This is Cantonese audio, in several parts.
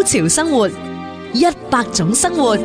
高潮生活，一百種生活。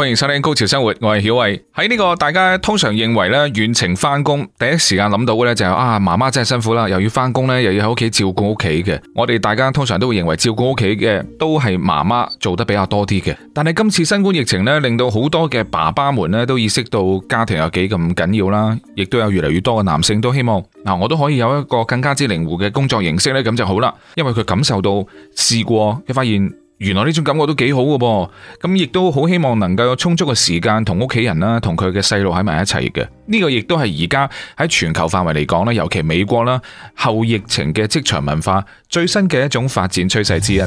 歡迎收聽《高潮生活》，我曉，我係曉偉。喺呢個大家通常認為咧遠程翻工，第一時間諗到嘅咧就係啊，媽媽真係辛苦啦，又要翻工咧，又要喺屋企照顧屋企嘅。我哋大家通常都會認為照顧屋企嘅都係媽媽做得比較多啲嘅。但係今次新冠疫情呢，令到好多嘅爸爸們咧都意識到家庭有幾咁緊要啦，亦都有越嚟越多嘅男性都希望嗱，我都可以有一個更加之靈活嘅工作形式呢，咁就好啦。因為佢感受到試過，佢發現。原來呢種感覺都幾好嘅噃，咁亦都好希望能夠有充足嘅時間同屋企人啦，同佢嘅細路喺埋一齊嘅。呢個亦都係而家喺全球範圍嚟講咧，尤其美國啦，後疫情嘅職場文化最新嘅一種發展趨勢之一。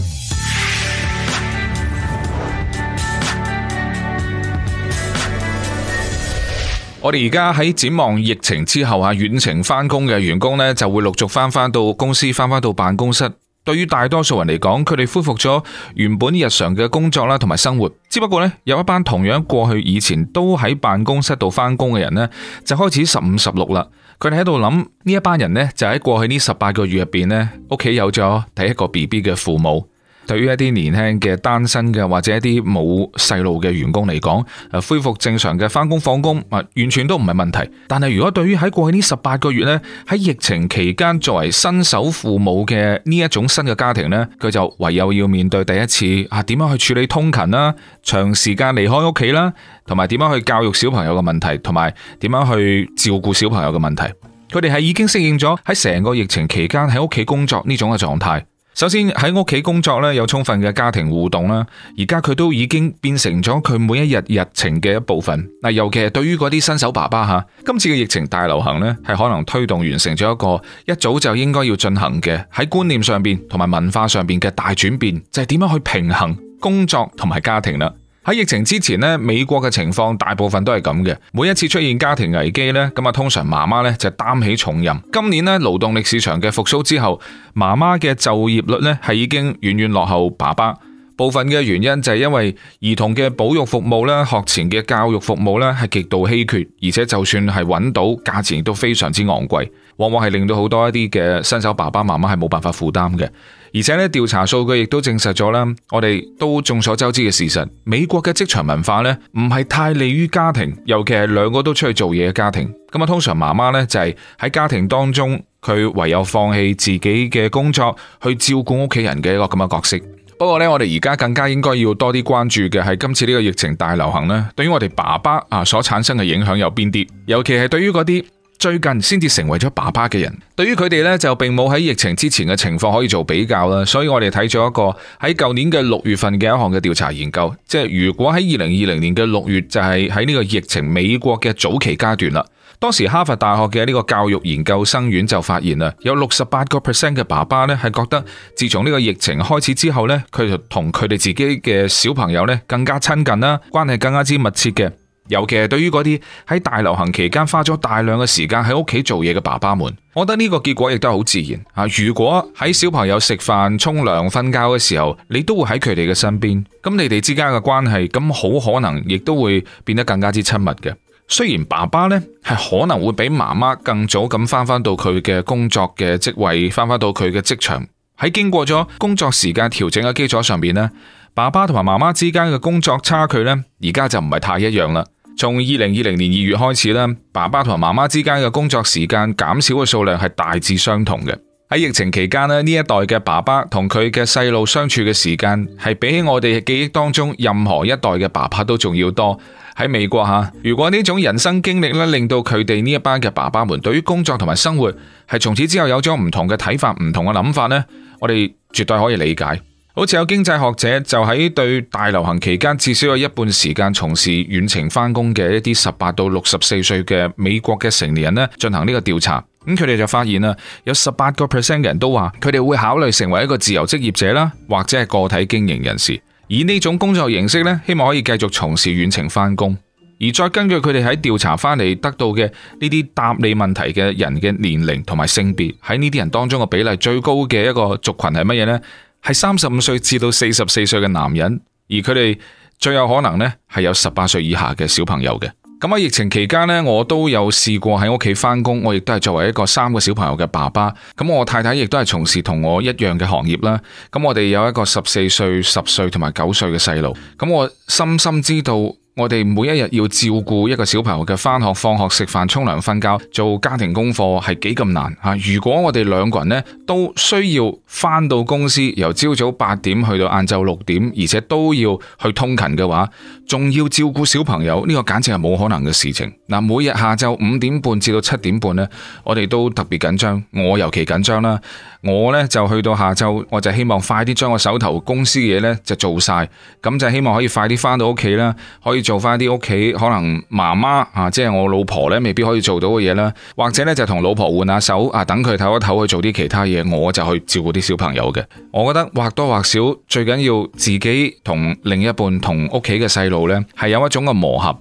我哋而家喺展望疫情之後啊，遠程翻工嘅員工呢，就會陸續翻翻到公司，翻翻到辦公室。對於大多數人嚟講，佢哋恢復咗原本日常嘅工作啦，同埋生活。只不過呢，有一班同樣過去以前都喺辦公室度翻工嘅人呢，就開始十五十六啦。佢哋喺度諗呢一班人呢，就喺過去呢十八個月入邊呢，屋企有咗第一個 BB 嘅父母。對於一啲年輕嘅單身嘅或者一啲冇細路嘅員工嚟講，誒，恢復正常嘅翻工放工，啊，完全都唔係問題。但係如果對於喺過去呢十八個月呢，喺疫情期間作為新手父母嘅呢一種新嘅家庭呢，佢就唯有要面對第一次啊，點樣去處理通勤啦、長時間離開屋企啦，同埋點樣去教育小朋友嘅問題，同埋點樣去照顧小朋友嘅問題。佢哋係已經適應咗喺成個疫情期間喺屋企工作呢種嘅狀態。首先喺屋企工作咧，有充分嘅家庭互動啦。而家佢都已經變成咗佢每一日日程嘅一部分。尤其係對於嗰啲新手爸爸，今次嘅疫情大流行呢，係可能推動完成咗一個一早就應該要進行嘅喺觀念上面同埋文化上面嘅大轉變，就係點樣去平衡工作同埋家庭啦。喺疫情之前呢，美國嘅情況大部分都係咁嘅。每一次出現家庭危機呢，咁啊，通常媽媽呢就擔起重任。今年呢，勞動力市場嘅復甦之後，媽媽嘅就業率呢係已經遠遠落後爸爸。部分嘅原因就係因為兒童嘅保育服務啦，學前嘅教育服務咧，係極度稀缺，而且就算係搵到，價錢亦都非常之昂貴，往往係令到好多一啲嘅新手爸爸媽媽係冇辦法負擔嘅。而且咧，調查數據亦都證實咗啦，我哋都眾所周知嘅事實，美國嘅職場文化咧唔係太利於家庭，尤其係兩個都出去做嘢嘅家庭。咁啊，通常媽媽咧就係、是、喺家庭當中，佢唯有放棄自己嘅工作去照顧屋企人嘅一個咁嘅角色。不過咧，我哋而家更加應該要多啲關注嘅係今次呢個疫情大流行咧，對於我哋爸爸啊所產生嘅影響有邊啲？尤其係對於嗰啲最近先至成為咗爸爸嘅人，對於佢哋呢，就並冇喺疫情之前嘅情況可以做比較啦。所以我哋睇咗一個喺舊年嘅六月份嘅一項嘅調查研究，即係如果喺二零二零年嘅六月就係喺呢個疫情美國嘅早期階段啦。當時哈佛大學嘅呢個教育研究生院就發現啦，有六十八個 percent 嘅爸爸呢，係覺得，自從呢個疫情開始之後呢，佢就同佢哋自己嘅小朋友呢更加親近啦，關係更加之密切嘅。尤其係對於嗰啲喺大流行期間花咗大量嘅時間喺屋企做嘢嘅爸爸們，我覺得呢個結果亦都好自然啊！如果喺小朋友食飯、沖涼、瞓覺嘅時候，你都會喺佢哋嘅身邊，咁你哋之間嘅關係，咁好可能亦都會變得更加之親密嘅。雖然爸爸咧係可能會比媽媽更早咁返返到佢嘅工作嘅職位，返返到佢嘅職場，喺經過咗工作時間調整嘅基礎上邊呢，爸爸同埋媽媽之間嘅工作差距呢，而家就唔係太一樣啦。從二零二零年二月開始呢，爸爸同埋媽媽之間嘅工作時間減少嘅數量係大致相同嘅。喺疫情期間咧，呢一代嘅爸爸同佢嘅細路相處嘅時間，係比起我哋記憶當中任何一代嘅爸爸都仲要多。喺美國吓，如果呢種人生經歷咧，令到佢哋呢一班嘅爸爸們對於工作同埋生活，係從此之後有咗唔同嘅睇法、唔同嘅諗法呢，我哋絕對可以理解。好似有經濟學者就喺對大流行期間至少有一半時間從事遠程翻工嘅一啲十八到六十四歲嘅美國嘅成年人咧進行呢個調查，咁佢哋就發現啦，有十八個 percent 嘅人都話佢哋會考慮成為一個自由職業者啦，或者係個體經營人士，以呢種工作形式咧希望可以繼續從事遠程翻工。而再根據佢哋喺調查翻嚟得到嘅呢啲答你問題嘅人嘅年齡同埋性別，喺呢啲人當中嘅比例最高嘅一個族群係乜嘢呢？係三十五歲至到四十四歲嘅男人，而佢哋最有可能呢係有十八歲以下嘅小朋友嘅。咁喺疫情期間呢，我都有試過喺屋企翻工，我亦都係作為一個三個小朋友嘅爸爸。咁我太太亦都係從事同我一樣嘅行業啦。咁我哋有一個十四歲、十歲同埋九歲嘅細路。咁我深深知道。我哋每一日要照顧一個小朋友嘅返學、放學、食飯、沖涼、瞓覺、做家庭功課係幾咁難吓！如果我哋兩個人呢都需要返到公司，由朝早八點去到晏晝六點，而且都要去通勤嘅話，仲要照顧小朋友呢個簡直係冇可能嘅事情。嗱，每日下晝五點半至到七點半呢，我哋都特別緊張，我尤其緊張啦。我呢就去到下晝，我就希望快啲將我手頭公司嘅嘢呢就做晒，咁就希望可以快啲返到屋企啦，可以。做翻啲屋企可能媽媽啊，即係我老婆呢，未必可以做到嘅嘢啦，或者呢，就同老婆換下手啊，等佢唞一唞去做啲其他嘢，我就去照顧啲小朋友嘅。我覺得或多或少最緊要自己同另一半同屋企嘅細路呢，係有一種嘅磨合。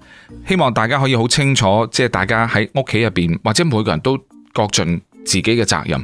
希望大家可以好清楚，即係大家喺屋企入邊或者每個人都各盡自己嘅責任。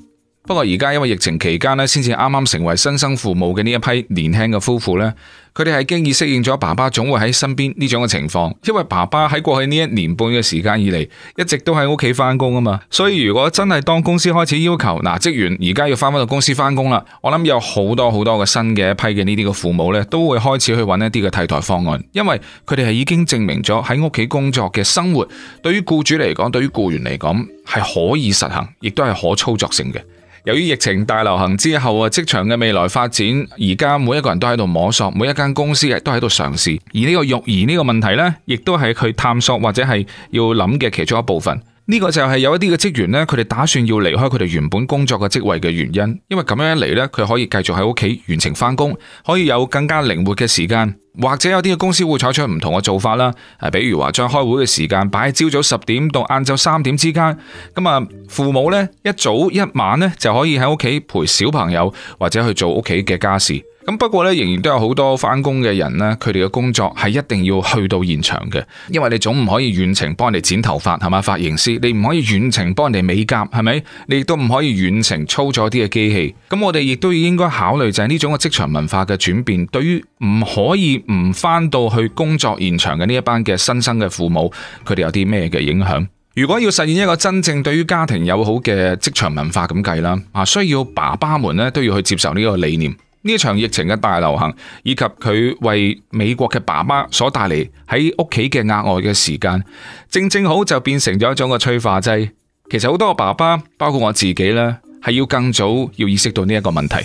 不過而家因為疫情期間咧，先至啱啱成為新生父母嘅呢一批年輕嘅夫婦呢，佢哋係經已適應咗爸爸總會喺身邊呢種嘅情況，因為爸爸喺過去呢一年半嘅時間以嚟，一直都喺屋企翻工啊嘛。所以如果真係當公司開始要求嗱、啊，職員而家要翻返到公司翻工啦，我諗有好多好多嘅新嘅一批嘅呢啲嘅父母呢，都會開始去揾一啲嘅替代方案，因為佢哋係已經證明咗喺屋企工作嘅生活，對於僱主嚟講，對於僱員嚟講係可以實行，亦都係可操作性嘅。由於疫情大流行之後啊，職場嘅未來發展，而家每一個人都喺度摸索，每一間公司亦都喺度嘗試。而呢個育兒呢個問題呢，亦都係佢探索或者係要諗嘅其中一部分。呢個就係有一啲嘅職員呢，佢哋打算要離開佢哋原本工作嘅職位嘅原因，因為咁樣一嚟呢，佢可以繼續喺屋企完成返工，可以有更加靈活嘅時間。或者有啲嘅公司會採取唔同嘅做法啦，誒，比如話將開會嘅時間擺喺朝早十點到晏晝三點之間，咁啊，父母呢一早一晚呢，就可以喺屋企陪小朋友或者去做屋企嘅家事。咁不過呢，仍然都有好多翻工嘅人呢，佢哋嘅工作係一定要去到現場嘅，因為你總唔可以遠程幫人哋剪頭髮係嘛？髮型師你唔可以遠程幫人哋美甲係咪？你亦都唔可以遠程操作啲嘅機器。咁我哋亦都要應該考慮就係呢種嘅職場文化嘅轉變，對於唔可以。唔返到去工作現場嘅呢一班嘅新生嘅父母，佢哋有啲咩嘅影響？如果要實現一個真正對於家庭友好嘅職場文化咁計啦，啊，需要爸爸們咧都要去接受呢一個理念。呢一場疫情嘅大流行，以及佢為美國嘅爸爸所帶嚟喺屋企嘅額外嘅時間，正正好就變成咗一種嘅催化劑。其實好多爸爸，包括我自己呢，係要更早要意識到呢一個問題。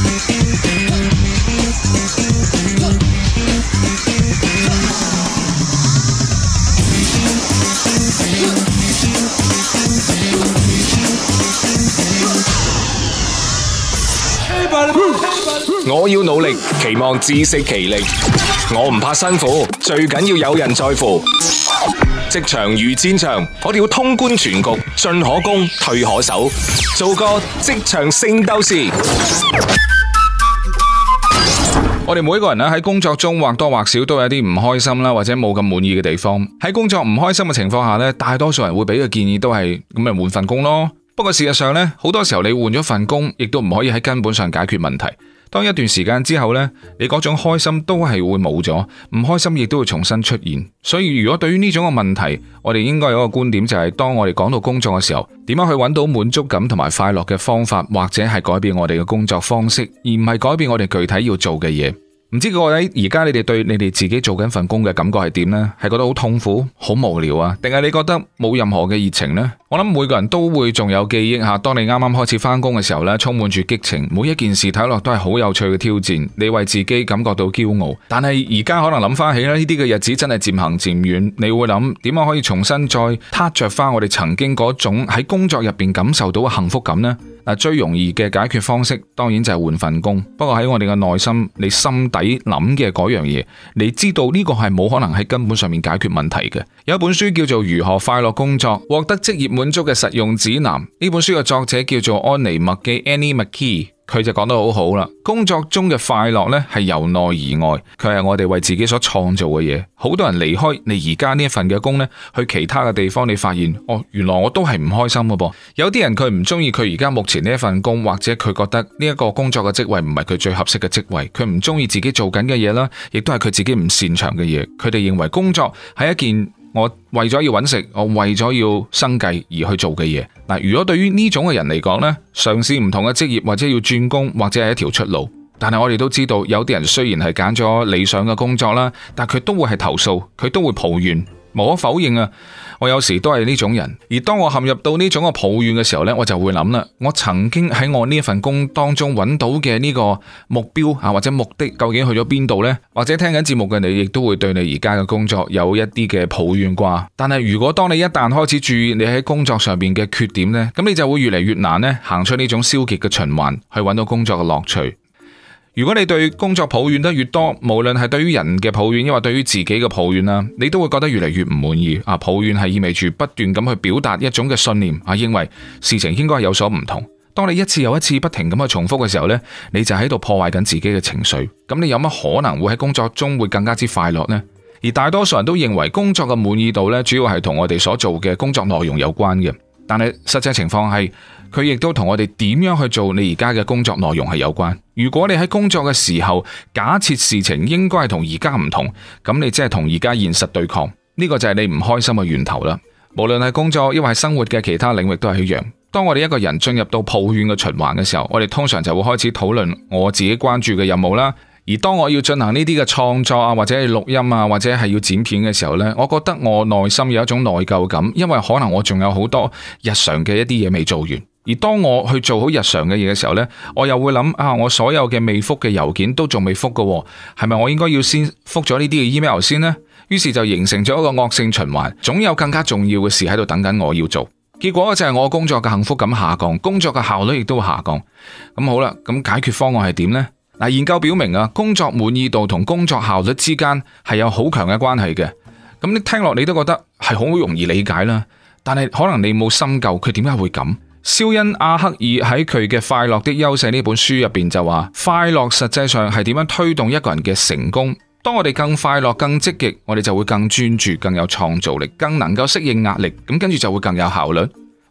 要努力，期望自食其力。我唔怕辛苦，最緊要有人在乎。職場如戰場，我哋要通觀全局，進可攻，退可守，做個職場聖鬥士。 我哋每一個人咧喺工作中或多或少都有啲唔開心啦，或者冇咁滿意嘅地方。喺工作唔開心嘅情況下呢，大多數人會俾嘅建議都係咁，咪換份工咯。不過事實上呢，好多時候你換咗份工，亦都唔可以喺根本上解決問題。當一段時間之後呢，你嗰種開心都係會冇咗，唔開心亦都會重新出現。所以如果對於呢種個問題，我哋應該有一個觀點就係，當我哋講到工作嘅時候，點樣去揾到滿足感同埋快樂嘅方法，或者係改變我哋嘅工作方式，而唔係改變我哋具體要做嘅嘢。唔知各位而家你哋對你哋自己做緊份工嘅感覺係點呢？係覺得好痛苦、好無聊啊，定係你覺得冇任何嘅熱情呢？我諗每個人都會仲有記憶下，當你啱啱開始翻工嘅時候呢，充滿住激情，每一件事睇落都係好有趣嘅挑戰，你為自己感覺到驕傲。但係而家可能諗翻起呢啲嘅日子，真係漸行漸遠，你會諗點樣可以重新再撻着翻我哋曾經嗰種喺工作入邊感受到嘅幸福感呢？最容易嘅解決方式，當然就係換份工。不過喺我哋嘅內心，你心底諗嘅嗰樣嘢，你知道呢個係冇可能喺根本上面解決問題嘅。有一本書叫做《如何快樂工作：獲得職業滿足嘅實用指南》，呢本書嘅作者叫做安妮麥基 （Annie m c k e e 佢就講得好好啦，工作中嘅快樂呢，係由內而外，佢係我哋為自己所創造嘅嘢。好多人離開你而家呢一份嘅工呢，去其他嘅地方，你發現哦，原來我都係唔開心嘅噃。有啲人佢唔中意佢而家目前呢一份工，或者佢覺得呢一個工作嘅職位唔係佢最合適嘅職位，佢唔中意自己做緊嘅嘢啦，亦都係佢自己唔擅長嘅嘢。佢哋認為工作係一件。我為咗要搵食，我為咗要生計而去做嘅嘢。如果對於呢種嘅人嚟講呢，嘗試唔同嘅職業，或者要轉工，或者係一條出路，但係我哋都知道，有啲人雖然係揀咗理想嘅工作啦，但係佢都會係投訴，佢都會抱怨。無可否認啊，我有時都係呢種人。而當我陷入到呢種個抱怨嘅時候呢，我就會諗啦，我曾經喺我呢份工當中揾到嘅呢個目標啊或者目的究竟去咗邊度呢？或者聽緊節目嘅你亦都會對你而家嘅工作有一啲嘅抱怨啩。但係如果當你一旦開始注意你喺工作上面嘅缺點呢，咁你就會越嚟越難呢，行出呢種消極嘅循環，去揾到工作嘅樂趣。如果你對工作抱怨得越多，無論係對於人嘅抱怨，抑或對於自己嘅抱怨啦，你都會覺得越嚟越唔滿意。啊，抱怨係意味住不斷咁去表達一種嘅信念，啊，認為事情應該係有所唔同。當你一次又一次不停咁去重複嘅時候咧，你就喺度破壞緊自己嘅情緒。咁你有乜可能會喺工作中會更加之快樂呢？而大多數人都認為工作嘅滿意度咧，主要係同我哋所做嘅工作內容有關嘅。但係實際情況係，佢亦都同我哋點樣去做你而家嘅工作內容係有關。如果你喺工作嘅時候，假設事情應該係同而家唔同，咁你即係同而家現實對抗，呢個就係你唔開心嘅源頭啦。無論係工作，亦或係生活嘅其他領域都係一樣。當我哋一個人進入到抱怨嘅循環嘅時候，我哋通常就會開始討論我自己關注嘅任務啦。而當我要進行呢啲嘅創作啊，或者係錄音啊，或者係要剪片嘅時候呢，我覺得我內心有一種內疚感，因為可能我仲有好多日常嘅一啲嘢未做完。而當我去做好日常嘅嘢嘅時候呢，我又會諗啊，我所有嘅未覆嘅郵件都仲未覆嘅，係咪我應該要先覆咗呢啲嘅 email 先呢？於是就形成咗一個惡性循環，總有更加重要嘅事喺度等緊我要做。結果就係我工作嘅幸福感下降，工作嘅效率亦都下降。咁好啦，咁解決方案係點呢？嗱，研究表明啊，工作滿意度同工作效率之間係有好強嘅關係嘅。咁你聽落，你都覺得係好容易理解啦。但係可能你冇深究，佢點解會咁？肖恩·阿克爾喺佢嘅《快樂的優勢》呢本書入邊就話，快樂實際上係點樣推動一個人嘅成功。當我哋更快樂、更積極，我哋就會更專注、更有創造力、更能夠適應壓力。咁跟住就會更有效率。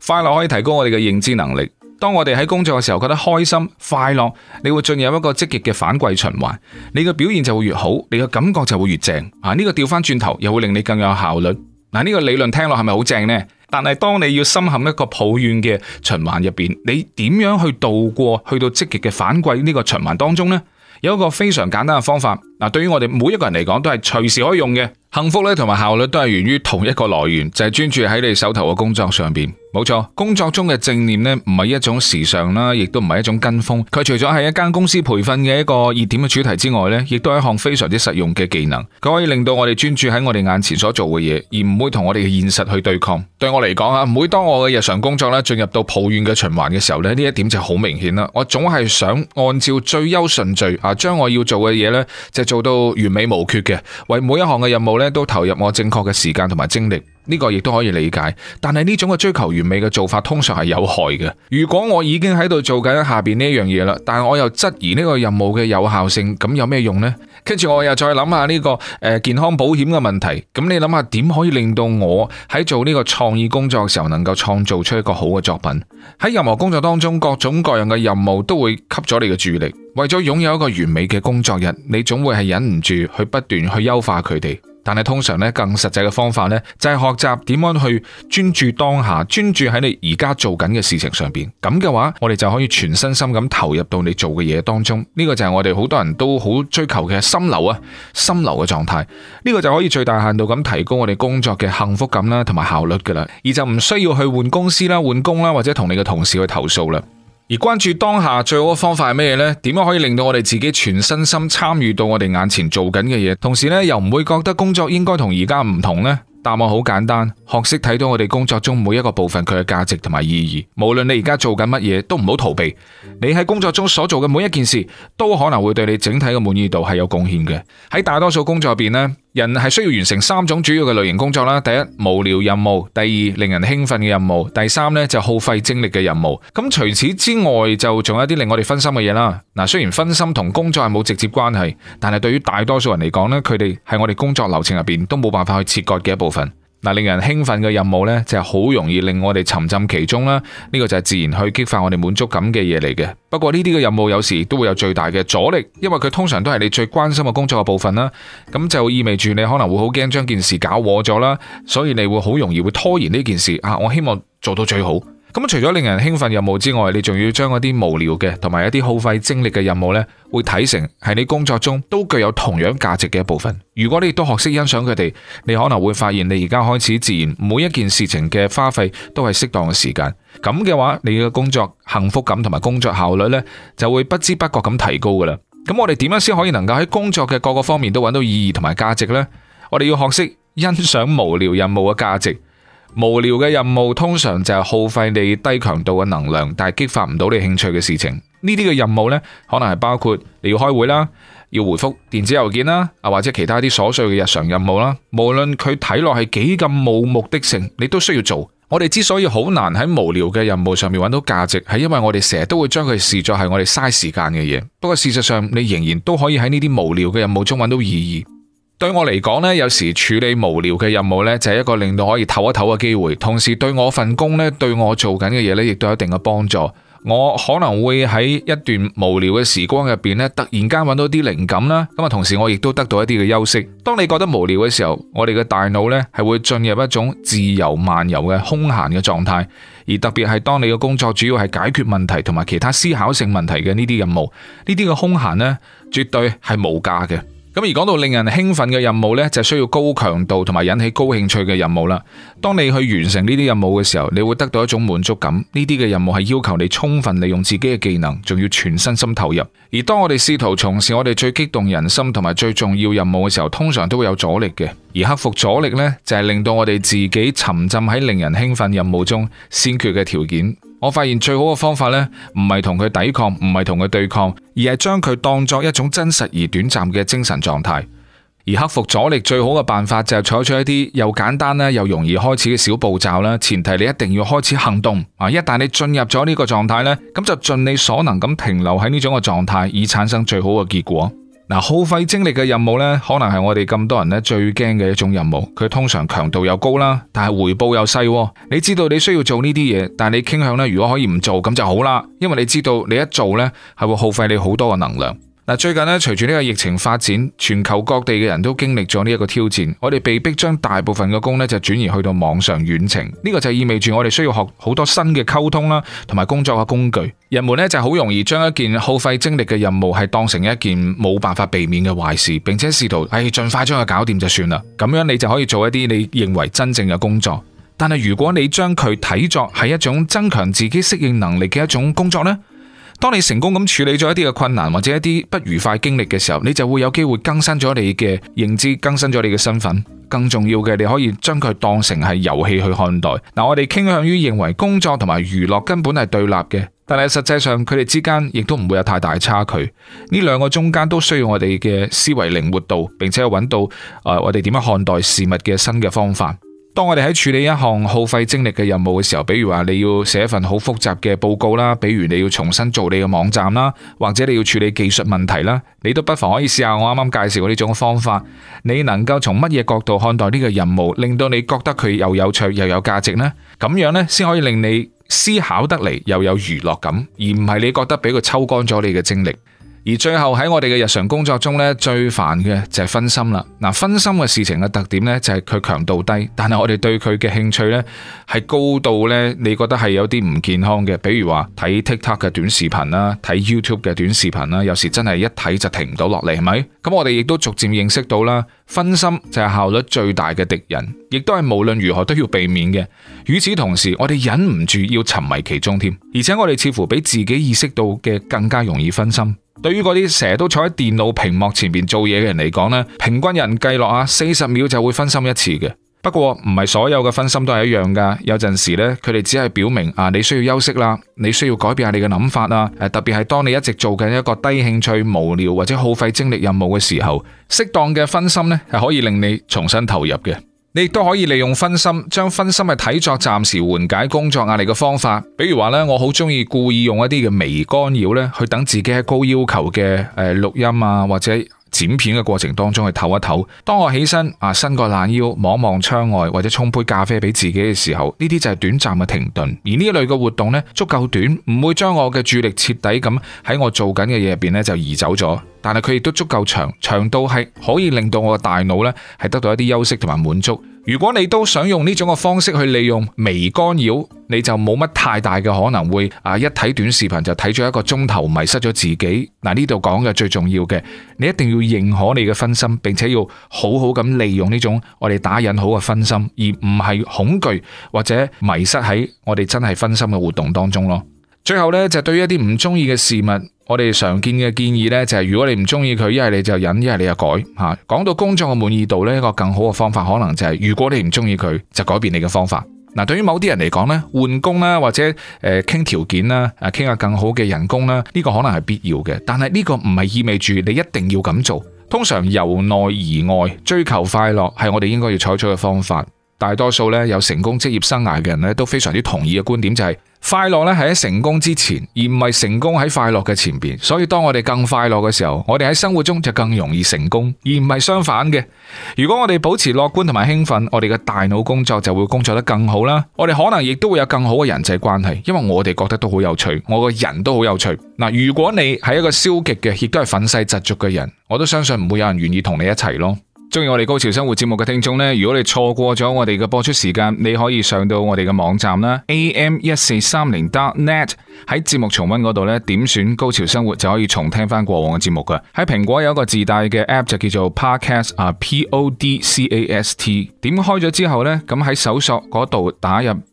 快樂可以提高我哋嘅認知能力。當我哋喺工作嘅時候覺得開心快樂，你會進入一個積極嘅反饋循環，你嘅表現就會越好，你嘅感覺就會越正啊！呢、這個掉返轉頭又會令你更有效率。嗱、啊，呢、這個理論聽落係咪好正呢？但係當你要深陷一個抱怨嘅循環入邊，你點樣去度過去到積極嘅反饋呢個循環當中呢？有一個非常簡單嘅方法，嗱、啊，對於我哋每一個人嚟講都係隨時可以用嘅。幸福咧，同埋效率都係源於同一個來源，就係專注喺你手頭嘅工作上邊。冇錯，工作中嘅正念呢，唔係一種時尚啦，亦都唔係一種跟風。佢除咗係一間公司培訓嘅一個熱點嘅主題之外呢，亦都係一項非常之實用嘅技能。佢可以令到我哋專注喺我哋眼前所做嘅嘢，而唔會同我哋現實去對抗。對我嚟講啊，每當我嘅日常工作咧，進入到抱怨嘅循環嘅時候咧，呢一點就好明顯啦。我總係想按照最優順序啊，將我要做嘅嘢呢，就做到完美無缺嘅，為每一項嘅任務。咧都投入我正確嘅時間同埋精力，呢、這個亦都可以理解。但係呢種嘅追求完美嘅做法，通常係有害嘅。如果我已經喺度做緊下面呢樣嘢啦，但係我又質疑呢個任務嘅有效性，咁有咩用呢？跟住我又再諗下呢個誒、呃、健康保險嘅問題。咁你諗下點可以令到我喺做呢個創意工作嘅時候，能夠創造出一個好嘅作品？喺任何工作當中，各種各樣嘅任務都會吸咗你嘅注意力。為咗擁有一個完美嘅工作日，你總會係忍唔住去不斷去優化佢哋。但係通常咧，更實際嘅方法咧，就係學習點樣去專注當下，專注喺你而家做緊嘅事情上邊。咁嘅話，我哋就可以全身心咁投入到你做嘅嘢當中。呢個就係我哋好多人都好追求嘅心流啊，心流嘅狀態。呢個就可以最大限度咁提高我哋工作嘅幸福感啦，同埋效率噶啦。而就唔需要去換公司啦、換工啦，或者同你嘅同事去投訴啦。而關注當下最好嘅方法係咩呢？咧？點樣可以令到我哋自己全身心參與到我哋眼前做緊嘅嘢，同時呢，又唔會覺得工作應該同而家唔同呢？答案好簡單，學識睇到我哋工作中每一個部分佢嘅價值同埋意義。無論你而家做緊乜嘢，都唔好逃避。你喺工作中所做嘅每一件事，都可能會對你整體嘅滿意度係有貢獻嘅。喺大多數工作入邊呢。人係需要完成三種主要嘅類型工作啦，第一無聊任務，第二令人興奮嘅任務，第三呢就係耗費精力嘅任務。咁除此之外，就仲有一啲令我哋分心嘅嘢啦。嗱，雖然分心同工作係冇直接關係，但係對於大多數人嚟講呢，佢哋喺我哋工作流程入面都冇辦法去切割嘅一部分。嗱，令人興奮嘅任務呢，就係好容易令我哋沉浸其中啦。呢個就係自然去激發我哋滿足感嘅嘢嚟嘅。不過呢啲嘅任務有時都會有最大嘅阻力，因為佢通常都係你最關心嘅工作嘅部分啦。咁就意味住你可能會好驚將件事搞錯咗啦，所以你會好容易會拖延呢件事啊。我希望做到最好。咁除咗令人興奮任務之外，你仲要將嗰啲無聊嘅同埋一啲耗費精力嘅任務呢，會睇成係你工作中都具有同樣價值嘅一部分。如果你都學識欣賞佢哋，你可能會發現你而家開始自然每一件事情嘅花費都係適當嘅時間。咁嘅話，你嘅工作幸福感同埋工作效率呢，就會不知不覺咁提高噶啦。咁我哋點樣先可以能夠喺工作嘅各個方面都揾到意義同埋價值呢？我哋要學識欣賞無聊任務嘅價值。無聊嘅任務通常就係耗費你低強度嘅能量，但係激發唔到你興趣嘅事情。呢啲嘅任務呢，可能係包括你要開會啦，要回復電子郵件啦，啊或者其他啲瑣碎嘅日常任務啦。無論佢睇落係幾咁冇目的性，你都需要做。我哋之所以好難喺無聊嘅任務上面揾到價值，係因為我哋成日都會將佢視作係我哋嘥時間嘅嘢。不過事實上，你仍然都可以喺呢啲無聊嘅任務中揾到意義。對我嚟講呢，有時處理無聊嘅任務呢，就係一個令到可以唞一唞嘅機會。同時對我份工呢，對我做緊嘅嘢呢，亦都有一定嘅幫助。我可能會喺一段無聊嘅時光入邊呢，突然間揾到啲靈感啦。咁啊，同時我亦都得到一啲嘅休息。當你覺得無聊嘅時候，我哋嘅大腦呢，係會進入一種自由漫遊嘅空閒嘅狀態。而特別係當你嘅工作主要係解決問題同埋其他思考性問題嘅呢啲任務，呢啲嘅空閒呢，絕對係無價嘅。咁而講到令人興奮嘅任務咧，就係需要高強度同埋引起高興趣嘅任務啦。當你去完成呢啲任務嘅時候，你會得到一種滿足感。呢啲嘅任務係要求你充分利用自己嘅技能，仲要全身心投入。而當我哋試圖從事我哋最激動人心同埋最重要任務嘅時候，通常都會有阻力嘅。而克服阻力呢，就係令到我哋自己沉浸喺令人興奮任務中先決嘅條件。我發現最好嘅方法呢，唔係同佢抵抗，唔係同佢對抗，而係將佢當作一種真實而短暫嘅精神狀態。而克服阻力最好嘅辦法就係採取一啲又簡單呢、又容易開始嘅小步驟啦。前提你一定要開始行動啊！一旦你進入咗呢個狀態呢，咁就盡你所能咁停留喺呢種嘅狀態，以產生最好嘅結果。嗱，耗費精力嘅任務呢，可能係我哋咁多人呢最驚嘅一種任務。佢通常強度又高啦，但係回報又細。你知道你需要做呢啲嘢，但你傾向呢，如果可以唔做咁就好啦，因為你知道你一做呢，係會耗費你好多嘅能量。嗱，最近咧，隨住呢個疫情發展，全球各地嘅人都經歷咗呢一個挑戰。我哋被迫將大部分嘅工呢就轉移去到網上遠程。呢、這個就意味住我哋需要學好多新嘅溝通啦，同埋工作嘅工具。人們呢就好容易將一件耗費精力嘅任務係當成一件冇辦法避免嘅壞事，並且試圖誒、哎、盡快將佢搞掂就算啦。咁樣你就可以做一啲你認為真正嘅工作。但係如果你將佢睇作係一種增強自己適應能力嘅一種工作呢，當你成功咁處理咗一啲嘅困難，或者一啲不愉快經歷嘅時候，你就會有機會更新咗你嘅認知，更新咗你嘅身份。更重要嘅，你可以將佢當成係遊戲去看待。嗱、嗯，我哋傾向於認為工作同埋娛樂根本係對立嘅，但係實際上佢哋之間亦都唔會有太大差距。呢兩個中間都需要我哋嘅思維靈活度，並且揾到誒、呃，我哋點樣看待事物嘅新嘅方法。當我哋喺處理一項耗費精力嘅任務嘅時候，比如話你要寫一份好複雜嘅報告啦，比如你要重新做你嘅網站啦，或者你要處理技術問題啦，你都不妨可以試下我啱啱介紹嘅呢種方法。你能夠從乜嘢角度看待呢個任務，令到你覺得佢又有趣又有價值呢？咁樣呢，先可以令你思考得嚟又有娛樂感，而唔係你覺得俾佢抽乾咗你嘅精力。而最後喺我哋嘅日常工作中呢，最煩嘅就係分心啦。嗱，分心嘅事情嘅特點呢，就係佢強度低，但係我哋對佢嘅興趣呢，係高到呢，你覺得係有啲唔健康嘅。比如話睇 TikTok 嘅短視頻啦，睇 YouTube 嘅短視頻啦，有時真係一睇就停唔到落嚟，係咪？咁我哋亦都逐漸認識到啦，分心就係效率最大嘅敵人，亦都係無論如何都要避免嘅。與此同時，我哋忍唔住要沉迷其中添，而且我哋似乎比自己意識到嘅更加容易分心。對於嗰啲成日都坐喺電腦屏幕前面做嘢嘅人嚟講呢，平均人計落啊，四十秒就會分心一次嘅。不過唔係所有嘅分心都係一樣噶，有陣時呢，佢哋只係表明啊，你需要休息啦，你需要改變下你嘅諗法啊。特別係當你一直做緊一個低興趣、無聊或者耗費精力任務嘅時候，適當嘅分心呢係可以令你重新投入嘅。你亦都可以利用分心，將分心嘅體作暫時緩解工作壓力嘅方法，比如話咧，我好鍾意故意用一啲嘅微干擾去等自己喺高要求嘅誒錄音啊，或者。剪片嘅過程當中去唞一唞，當我起身啊，伸個懶腰、望望窗外或者沖杯咖啡俾自己嘅時候，呢啲就係短暫嘅停頓。而呢類嘅活動呢，足夠短，唔會將我嘅注意力徹底咁喺我做緊嘅嘢入邊呢就移走咗。但係佢亦都足夠長，長到係可以令到我嘅大腦呢係得到一啲休息同埋滿足。如果你都想用呢種嘅方式去利用微干擾，你就冇乜太大嘅可能會啊！一睇短視頻就睇咗一個鐘頭，迷失咗自己。嗱，呢度講嘅最重要嘅，你一定要認可你嘅分心，並且要好好咁利用呢種我哋打引號嘅分心，而唔係恐懼或者迷失喺我哋真係分心嘅活動當中咯。最後呢，就對於一啲唔中意嘅事物。我哋常見嘅建議呢，就係如果你唔中意佢，一係你就忍，一係你就改。吓，講到工作嘅滿意度呢，一個更好嘅方法可能就係，如果你唔中意佢，就改變你嘅方法。嗱、啊，對於某啲人嚟講呢，換工啦，或者誒傾、呃、條件啦，誒傾下更好嘅人工啦，呢、呢個可能係必要嘅。但係呢個唔係意味住你一定要咁做。通常由內而外追求快樂，係我哋應該要採取嘅方法。大多數咧，有成功職業生涯嘅人咧，都非常之同意嘅觀點，就係快樂咧，係喺成功之前，而唔係成功喺快樂嘅前面。所以當我哋更快樂嘅時候，我哋喺生活中就更容易成功，而唔係相反嘅。如果我哋保持樂觀同埋興奮，我哋嘅大腦工作就會工作得更好啦。我哋可能亦都會有更好嘅人際關係，因為我哋覺得都好有趣，我個人都好有趣。嗱，如果你係一個消極嘅，亦都係憤世嫉俗嘅人，我都相信唔會有人願意同你一齊咯。中意我哋高潮生活節目嘅聽眾呢？如果你錯過咗我哋嘅播出時間，你可以上到我哋嘅網站啦，am 一四三零 dot net。喺節目重溫嗰度呢，點選高潮生活就可以重聽返過往嘅節目㗎。喺蘋果有一個自帶嘅 app 就叫做 Podcast 啊，P O D C A S T，點開咗之後呢，咁喺搜索嗰度打入。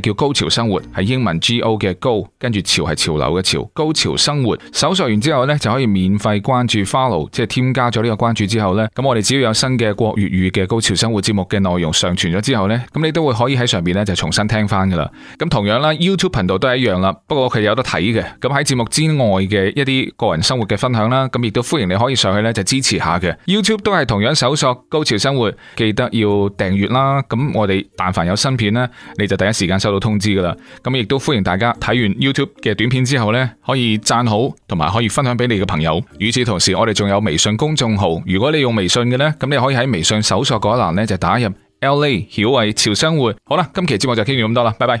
叫高潮生活係英文 G.O 嘅高，跟住潮係潮流嘅潮，高潮生活搜索完之後呢，就可以免費關注 follow，即係添加咗呢個關注之後呢，咁我哋只要有新嘅國粵語嘅高潮生活節目嘅內容上傳咗之後呢，咁你都會可以喺上面呢，就重新聽翻噶啦。咁同樣啦，YouTube 頻道都係一樣啦，不過佢有得睇嘅。咁喺節目之外嘅一啲個人生活嘅分享啦，咁亦都歡迎你可以上去呢，就支持下嘅。YouTube 都係同樣搜索高潮生活，記得要訂閱啦。咁我哋但凡有新片咧，你就第一時間收。到通知噶啦，咁亦都歡迎大家睇完 YouTube 嘅短片之後呢，可以讚好同埋可以分享俾你嘅朋友。與此同時，我哋仲有微信公眾號，如果你用微信嘅呢，咁你可以喺微信搜索嗰一欄呢，就打入 LA 曉慧潮生活。好啦，今期節目就傾到咁多啦，拜拜。